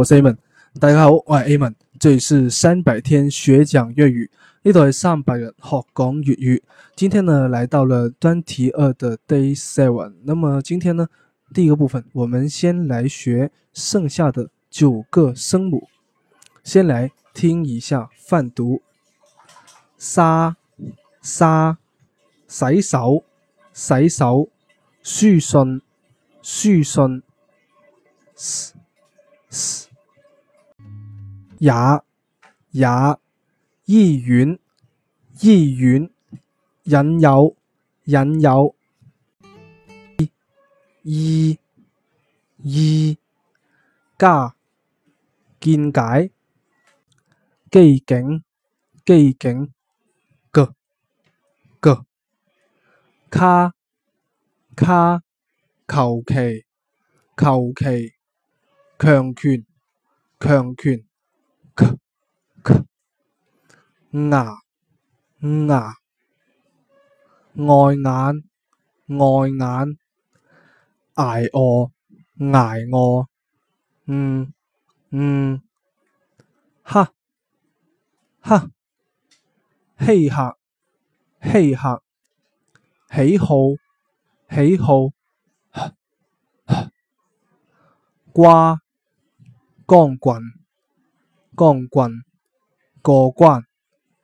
我是 Amen 大家好，我係 Amen 這裏是三百天學講粵語，呢度係三百日學講粵語。今天呢來到了專題二的 Day Seven，那麼今天呢第一個部分，我們先來學剩下的九個聲母，先來聽一下範讀，沙沙，洗手洗手，書信書信。也也，醫院，醫院，引誘，引誘，意意意，加見解，機警，機警，噶噶，卡卡，求其求其，強權，強權。牙牙，礙眼礙眼，挨餓挨餓，嗯嗯，哈哈，稀客稀客，喜好喜好，瓜光棍光棍，過關。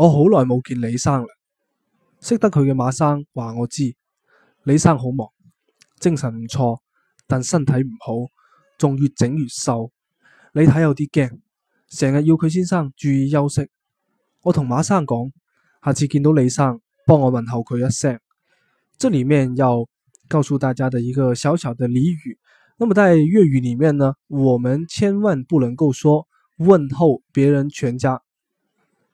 我好耐冇見李生啦，識得佢嘅馬生話我知，李生好忙，精神唔錯，但身體唔好，仲越整越瘦，李太有啲驚，成日要佢先生注意休息。我同馬生講，下次見到李生，幫我問候佢一聲。這裏面要告訴大家的一個小小的俚語，那麼在粵語裏面呢，我們千萬不能夠說問候別人全家。